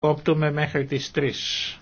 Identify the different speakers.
Speaker 1: Κόπτουμε μέχρι τις τρεις.